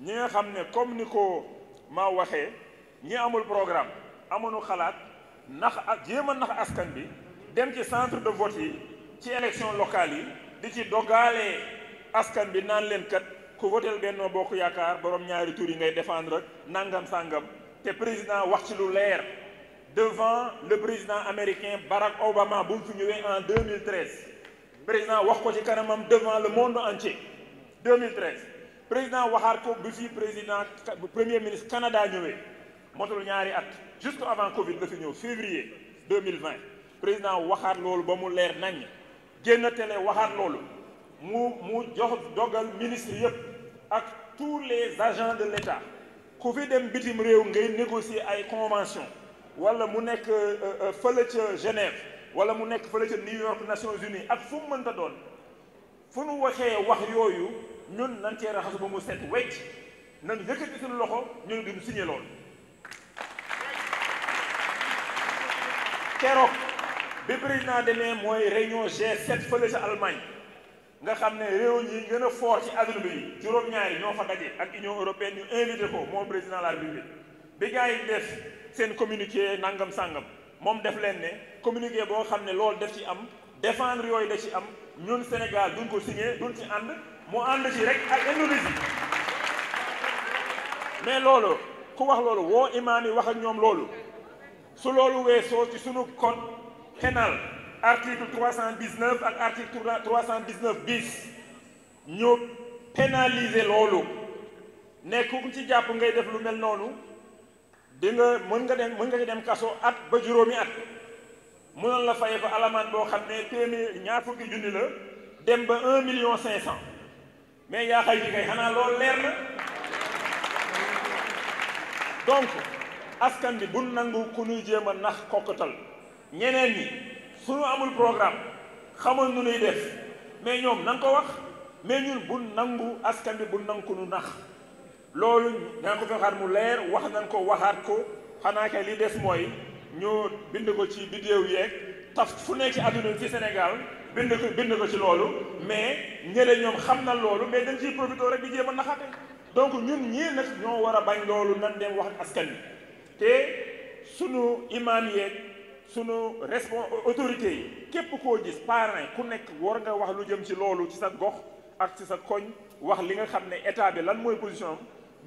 ñi nga xam ne comme ni ko ma waxee ñi amul programme amunu xalaat nax ak jéem a nax askan bi dem ci centre de vote yi ci élection locale yi di ci dogaalee askan bi naan leen kat ku votel Benno Bokk Yaakaar borom ñaari tur yi ngay défendre nangam sangam te président wax ci lu leer devant le président américain Barack Obama bu mu fi ñëwee en 2013 président wax ko ci kanamam devant le monde entier 2013 président waxaat ko bi fi président premier ministre Canada ñëwee motul ñaari at juste avant Covid la fi ñëw février 2020 président waxaat loolu ba mu leer naññ génn télé waxaat loolu mu mu jox dogal ministre yëpp ak tous les agents de l'État ku fi dem bitim réew ngay négocier ay convention wala mu nekk euh, euh, fële ca Genève wala mu nekk fële ca New York Nations Unies ak fu mu mënta doon fu nu waxee wax yooyu ñun nan cee raxasu ba mu set wecc nan yëkkati suñu loxo ñun duñu signé lool keroog bi président demee mooy réunion G7 fële ca Allemagne nga xam ne réew yi gën a fort ci adduna bi juróom-ñaari ñoo fa daje ak Union européenne ñu invité ko moom président la République bi gars yi def seen communiqué nangam sangam moom def leen ne communiqué boo xam ne loolu def ci am défendre yooyu da ci am ñun Sénégal duñ ko signé duñ ci ànd mu ànd ci rek ak Indonésie mais loolu ku wax loolu woo imaam yi wax ak ñoom loolu su loolu weesoo ci sunu code pénal article 319 ak article 319 bis ñu pénaliser loolu nekkum ci jàpp ngay def lu mel noonu di nga mën nga dem mën nga dem kaso at ba juróomi at mënoon la fa ko alamaan boo xam ne téeméer ñaar fukki junni la dem ba un million cinq cent mais yaa xay di kay xanaa loolu leer na donc askan bu nangu ku ñuy jéem a nax kokkatal ñeneen ñi suñu amul programme xamoon nu nuy def mais ñoom na ko wax mais ñun bu nangu askan bi bu nangu ku nu nax loolu danga ko fexaat mu leer wax nañ ko waxaat ko xanaa kay li des mooy ñu bind ko ci bidéew yeeg taf fu ne ci àdduna bi ci Sénégal bind ko bind ko ci loolu mais ñële ñoom xam na loolu mais dañ ciy profité rek di jéem a naxaate donc ñun ñii nag ñoo war a bañ loolu nan dem wax ak askan bi te sunu imaam yeeg sunu respon autorité yi képp koo gis parrain ku nekk war nga wax lu jëm ci loolu ci sa gox ak ci sa koñ wax li nga xam ne état bi lan mooy position am